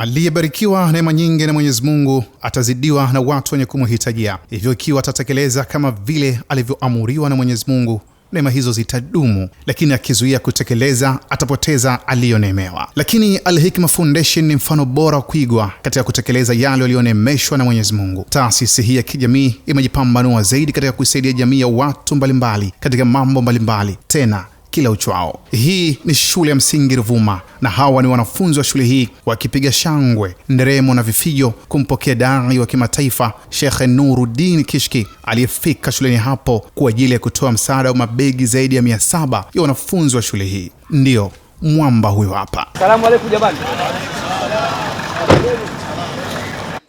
Aliyebarikiwa neema nyingi na Mwenyezi Mungu atazidiwa na watu wenye kumhitajia. Hivyo ikiwa atatekeleza kama vile alivyoamuriwa na Mwenyezi Mungu, neema hizo zitadumu, lakini akizuia kutekeleza atapoteza aliyonemewa. Lakini al Foundation ni mfano bora wa kuigwa katika kutekeleza yale yaliyonemeshwa na Mwenyezi Mungu. Taasisi hii ya kijamii imejipambanua zaidi katika kuisaidia jamii ya watu mbalimbali katika mambo mbalimbali, tena kila uchwao. Hii ni shule ya msingi Ruvuma, na hawa ni wanafunzi wa shule hii wakipiga shangwe, nderemo na vifijo kumpokea dai wa kimataifa Shekhe Nuruddin Kishki aliyefika shuleni hapo kwa ajili ya kutoa msaada wa mabegi zaidi ya mia saba ya wanafunzi wa shule hii. Ndiyo mwamba huyo hapa. Salamu aleikum jamani,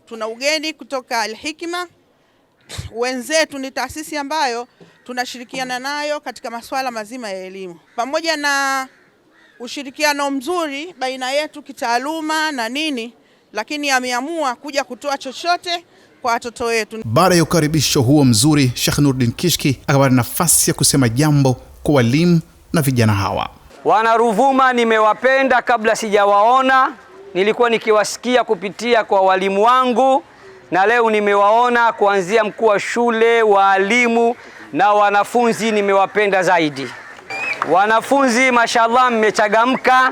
tuna ugeni kutoka Alhikma. Wenzetu ni taasisi ambayo tunashirikiana nayo katika masuala mazima ya elimu, pamoja na ushirikiano mzuri baina yetu kitaaluma na nini, lakini ameamua kuja kutoa chochote kwa watoto wetu. Baada ya ukaribisho huo mzuri, Sheikh nurdin Kishki akapata nafasi ya kusema jambo kwa walimu na vijana hawa. Wana Ruvuma, nimewapenda kabla sijawaona, nilikuwa nikiwasikia kupitia kwa walimu wangu, na leo nimewaona, kuanzia mkuu wa shule, waalimu na wanafunzi nimewapenda zaidi. Wanafunzi mashallah, mmechagamka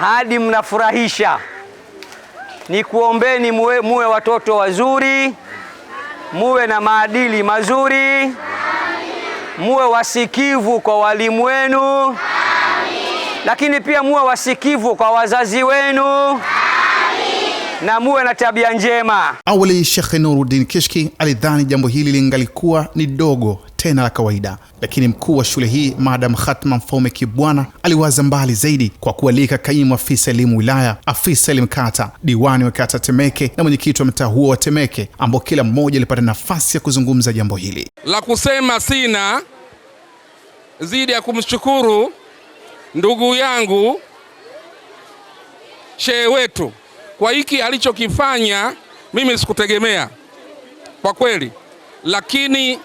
hadi mnafurahisha. Nikuombeni muwe, muwe watoto wazuri, muwe na maadili mazuri, muwe wasikivu kwa walimu wenu, lakini pia muwe wasikivu kwa wazazi wenu na muwe na tabia njema. Awali Shekhe Nuruddin Kishki alidhani jambo hili lingalikuwa ni dogo tena la kawaida, lakini mkuu wa shule hii Madam Khatma Mfaume Kibwana aliwaza mbali zaidi kwa kualika kaimu afisa elimu wilaya, afisa elimu kata, diwani wa kata Temeke na mwenyekiti wa mtaa huo wa Temeke, ambao kila mmoja alipata nafasi ya kuzungumza jambo hili. La kusema sina zidi ya kumshukuru ndugu yangu shehe wetu kwa hiki alichokifanya mimi sikutegemea kwa kweli, lakini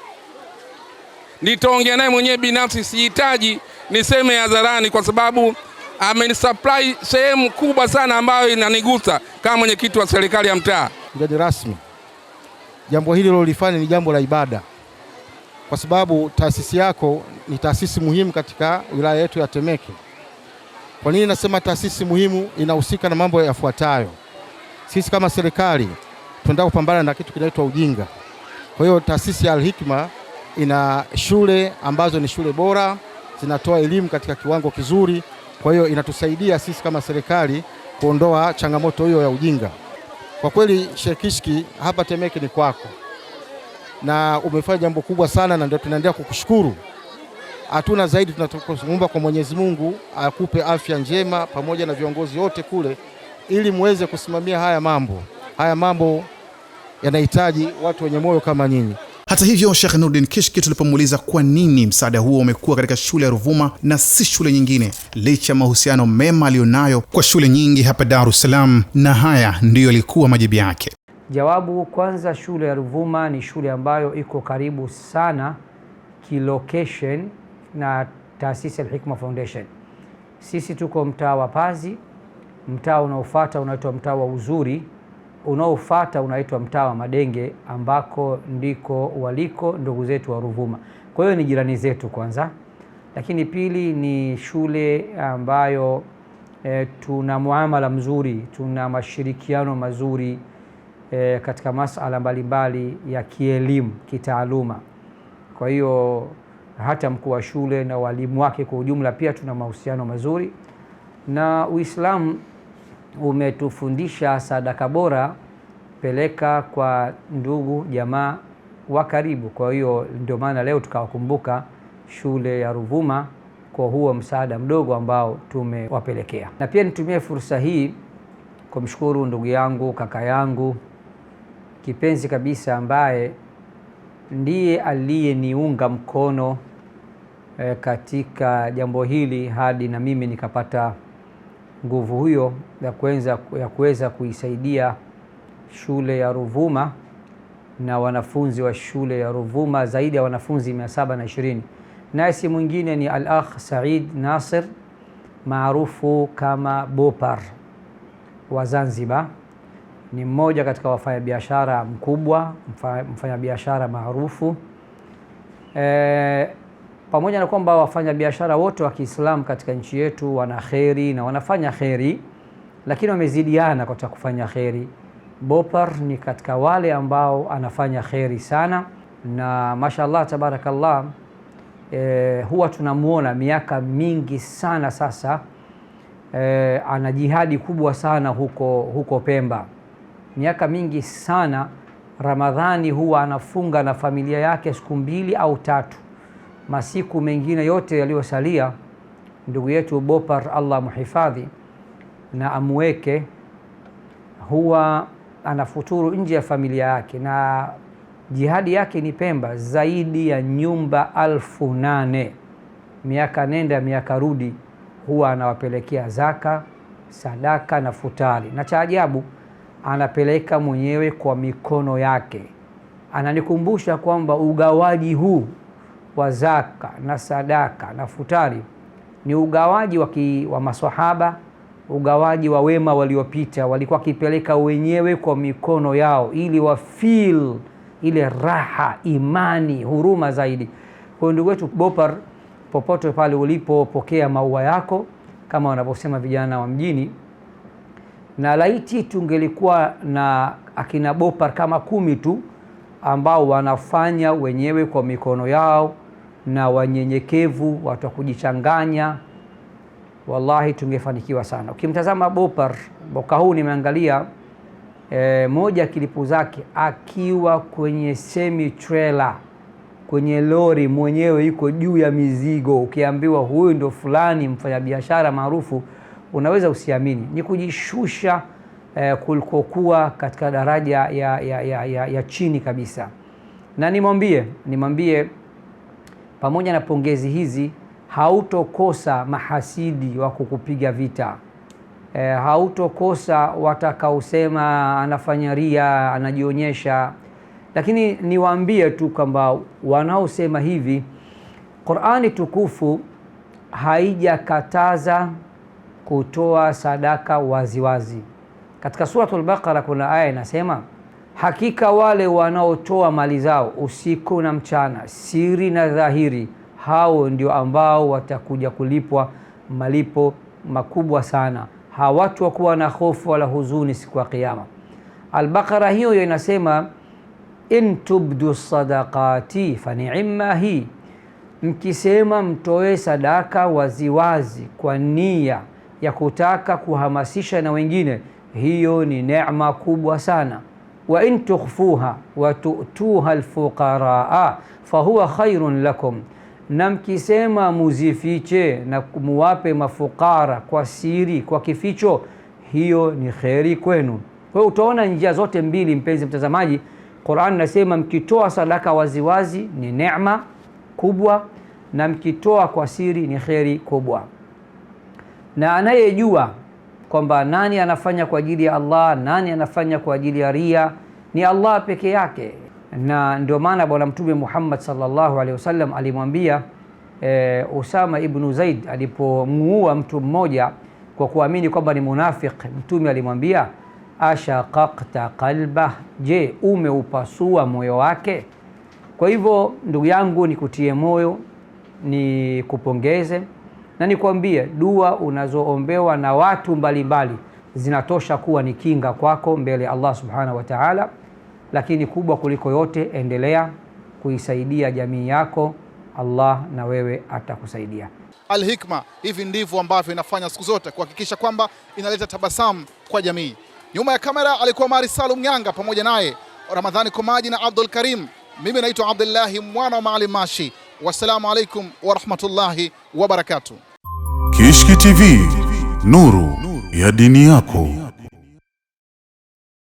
nitaongea naye mwenyewe binafsi, sihitaji niseme hadharani, kwa sababu amenisupply sehemu kubwa sana ambayo inanigusa kama mwenyekiti wa serikali ya mtaa. Mgeni rasmi, jambo hili lolifanya ni jambo la ibada, kwa sababu taasisi yako ni taasisi muhimu katika wilaya yetu ya Temeke. Kwa nini nasema taasisi muhimu? Inahusika na mambo yafuatayo sisi kama serikali tunataka kupambana na kitu kinaitwa ujinga. Kwa hiyo taasisi ya Alhikma ina shule ambazo ni shule bora zinatoa elimu katika kiwango kizuri, kwa hiyo inatusaidia sisi kama serikali kuondoa changamoto hiyo ya ujinga. Kwa kweli, Sheikh Kishki, hapa Temeke ni kwako na umefanya jambo kubwa sana, na ndio tunaendelea kukushukuru. Hatuna zaidi, tunatoka kwa Mwenyezi Mungu akupe afya njema pamoja na viongozi wote kule ili muweze kusimamia haya mambo. Haya mambo yanahitaji watu wenye moyo kama nyinyi. Hata hivyo, Sheikh Nurdin Kishki tulipomuuliza kwa nini msaada huo umekuwa katika shule ya Ruvuma na si shule nyingine licha ya mahusiano mema aliyonayo kwa shule nyingi hapa Dar es Salaam, na haya ndiyo yalikuwa majibu yake. Jawabu, kwanza shule ya Ruvuma ni shule ambayo iko karibu sana kilocation na taasisi ya Hikma Foundation. Sisi tuko mtaa wa Pazi mtaa unaofuata unaitwa mtaa wa Uzuri, unaofuata unaitwa mtaa wa Madenge, ambako ndiko waliko ndugu zetu wa Ruvuma. Kwa hiyo ni jirani zetu kwanza, lakini pili ni shule ambayo e, tuna muamala mzuri, tuna mashirikiano mazuri e, katika masala mbalimbali ya kielimu, kitaaluma. Kwa hiyo hata mkuu wa shule na walimu wake kwa ujumla pia tuna mahusiano mazuri na Uislamu umetufundisha sadaka bora peleka kwa ndugu jamaa wa karibu. Kwa hiyo ndio maana leo tukawakumbuka shule ya Ruvuma kwa huo msaada mdogo ambao tumewapelekea. Na pia nitumie fursa hii kumshukuru ndugu yangu, kaka yangu kipenzi kabisa, ambaye ndiye aliyeniunga mkono eh, katika jambo hili hadi na mimi nikapata nguvu hiyo ya kuweza kuisaidia shule ya Ruvuma na wanafunzi wa shule ya Ruvuma zaidi ya wanafunzi 720. Naye si mwingine ni Al-Akh Said Nasir maarufu kama Bopar wa Zanzibar. Ni mmoja katika wafanyabiashara mkubwa, mfanyabiashara maarufu e, pamoja na kwamba wafanyabiashara wote wa Kiislamu katika nchi yetu wana kheri na wanafanya kheri, lakini wamezidiana katika kufanya kheri. Bopar ni katika wale ambao anafanya kheri sana na mashallah tabarakallah. E, huwa tunamwona miaka mingi sana sasa e, ana jihadi kubwa sana huko, huko Pemba miaka mingi sana. Ramadhani huwa anafunga na familia yake siku mbili au tatu masiku mengine yote yaliyosalia, ndugu yetu Bopar, Allah muhifadhi na amweke, huwa anafuturu nje ya familia yake, na jihadi yake ni Pemba, zaidi ya nyumba alfu nane miaka nenda miaka rudi, huwa anawapelekea zaka, sadaka na futari, na cha ajabu anapeleka mwenyewe kwa mikono yake. Ananikumbusha kwamba ugawaji huu wa zaka na sadaka na futari ni ugawaji wa, wa maswahaba, ugawaji wa wema waliopita, walikuwa wakipeleka wenyewe kwa mikono yao ili wafil ile raha, imani, huruma zaidi. Kwa ndugu wetu Bopar, popote pale ulipopokea maua yako kama wanavyosema vijana wa mjini, na laiti tungelikuwa na akina Bopar kama kumi tu ambao wanafanya wenyewe kwa mikono yao na wanyenyekevu, watu wa kujichanganya, wallahi tungefanikiwa sana. Ukimtazama Bopar mboka huu nimeangalia e, moja ya kilipu zake akiwa kwenye semi trailer, kwenye lori mwenyewe, yuko juu ya mizigo. Ukiambiwa huyu ndo fulani mfanyabiashara maarufu, unaweza usiamini. Ni kujishusha e, kulikokuwa katika daraja ya, ya, ya, ya, ya chini kabisa, na nimwambie nimwambie pamoja na pongezi hizi hautokosa mahasidi wa kukupiga vita. E, hautokosa watakaosema anafanya ria, anajionyesha. Lakini niwaambie tu kwamba wanaosema hivi, Qur'ani tukufu haijakataza kutoa sadaka waziwazi Katika suratu lbaqara kuna aya inasema Hakika wale wanaotoa mali zao usiku na mchana, siri na dhahiri, hao ndio ambao watakuja kulipwa malipo makubwa sana. Hawatakuwa na hofu wala huzuni siku ya Kiyama. albakara hiyo hiyo inasema in tubdu sadaqati fani'ma hi, mkisema mtoe sadaka waziwazi kwa nia ya kutaka kuhamasisha na wengine, hiyo ni neema kubwa sana wa in tukhfuha wa tu'tuha alfuqaraa fahuwa khairun lakum, na mkisema muzifiche na muwape mafukara kwa siri, kwa kificho, hiyo ni kheri kwenu. Kwa hiyo utaona njia zote mbili, mpenzi mtazamaji. Qur'an nasema mkitoa sadaka waziwazi ni neema kubwa, na mkitoa kwa siri ni kheri kubwa, na anayejua kwamba nani anafanya kwa ajili ya Allah, nani anafanya kwa ajili ya ria, ni Allah peke yake. Na ndio maana Bwana Mtume Muhammad sallallahu alaihi wasallam alimwambia e, Usama ibnu Zaid alipomuua mtu mmoja kwa kuamini kwamba ni munafik Mtume alimwambia ashaqaqta qalbah, je, umeupasua moyo wake? Kwa hivyo ndugu yangu, nikutie moyo, nikupongeze na nikwambie, dua unazoombewa na watu mbalimbali mbali zinatosha kuwa ni kinga kwako mbele ya Allah subhanahu wa ta'ala. Lakini kubwa kuliko yote, endelea kuisaidia jamii yako, Allah na wewe atakusaidia. alhikma hivi ndivyo ambavyo inafanya siku zote kuhakikisha kwamba inaleta tabasamu kwa jamii. Nyuma ya kamera alikuwa Mari Salum Nyanga, pamoja naye Ramadhani Komaji na Abdul Karim. Mimi naitwa Abdullahi mwana wa Maalim Mashi. Wassalamu alaikum warahmatullahi wabarakatuh. Kishki TV, nuru ya dini yako.